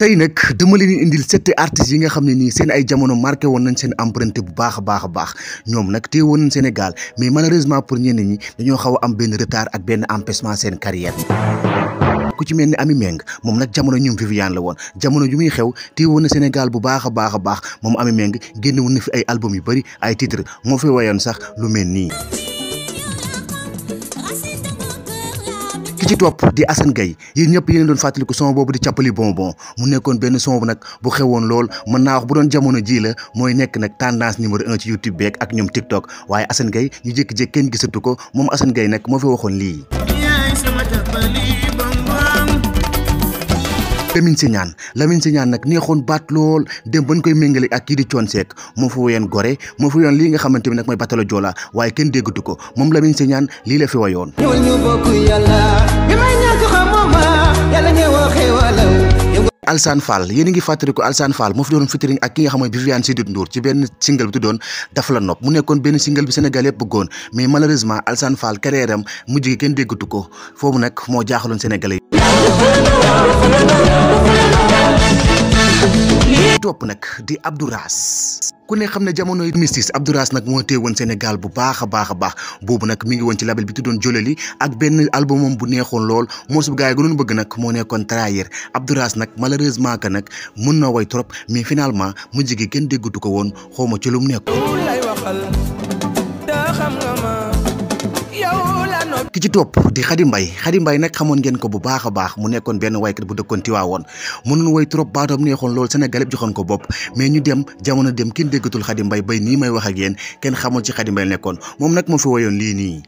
tey nag dama leen indil sept artistes yi nga xam ne nii seen ay jamono marqué woon nañ seen empreinte bu baax a baax baax ñoom nag téye woon nañ Sénégal mais malheureusement pour ñenn ñi dañoo xaw am benn retard ak benn empêchement seen carrière ku ci mel ni ami Meng moom nag jamono ñoom Viviane la woon jamono ju muy xew téye woon na Sénégal bu baax a baax a baax moom Amy Meng génn woon na fi ay album yu bëri ay titre moo fi wayoon sax lu mel nii ci topp di Assane yi yéen ñëpp yéen doon fàttaliku son boobu di càppali bonbon mu nekkoon benn son bu nag bu xewoon lool mën naa wax bu doon jamono jii la mooy nekk nag tendance numéro un ci YouTube beeg ak ñoom TikTok waaye Assane Gaye ñu jékki-jékki kenn gisatu ko moom Assane Gaye nag moo fi waxoon lii Lamine Signane Lamine Signane nag neexoon baat lool dem bañ koy méngale ak kii di Thione Seck moo fa woyoon Gorée moo fa woyoon lii nga xamante ni nag mooy batalo Joola waaye kenn déggatu ko moom Lamine ñaan lii la fi woyoon Alsane Fall yéen a ngi fàttaliku Alsane Fall moo fi doon featuring ak ki nga xam mooy Viviane Chidid Ndour ci benn single bi tuddoon dafa la nopp mu nekkoon benn single bi Sénégal yëpp bëggoon mais malheureusement Alsane Fall carrière am mujj gi kenn déggatu ko foofu nag moo jaaxaloon Sénégalais ci topp nag di Abdou Rass ku ne xam ne jamono yi mystique Abdou Rass nag moo téye woon Sénégal bu baax a baax a baax boobu nag mi ngi woon ci label bi doon Jololi ak benn albumam bu neexoon lool moosu gars yi gënoon bëgg nag moo nekkoon Trahir Abdou Rass nag malheureusement que nag mun na woy trop mais finalement mujj jigi kenn déggatu ko woon xaw ma ci lu mu nekk. ki ci topp di Khady mbay Khady mbay nag xamoon ngeen ko bu baax a baax mu nekkoon benn kat bu dëkkoon Tiwaawoon mënoon way trop baatoom neexoon loolu Sénégal yëpp joxoon ko bopp mais ñu dem jamono dem kenn déggatul Khady mbay bay nii may wax a geen kenn xamul ci Khady Mbaye nekkoon moom nag moo fi woyoon lii nii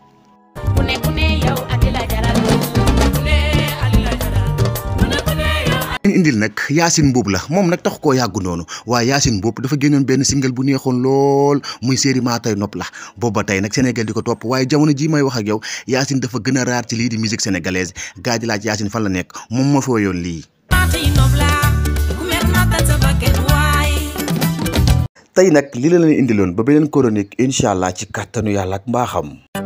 indil nag Yacine Mboup la moom nag tax koo yàgg noonu waaye Yacine Mboup dafa génnoon benn single bu neexoon lool muy série maa tey nopp la tey nag Sénégal di ko topp waaye jamono ji may wax ak a raar ci lii di musique sénégalaise gaa ji laaj Yacine fan la nekk moom moo fi woyoon lii nag li la leen indiloon ba beneen chronique incha allah ci kàttanu yàlla ak mbaaxam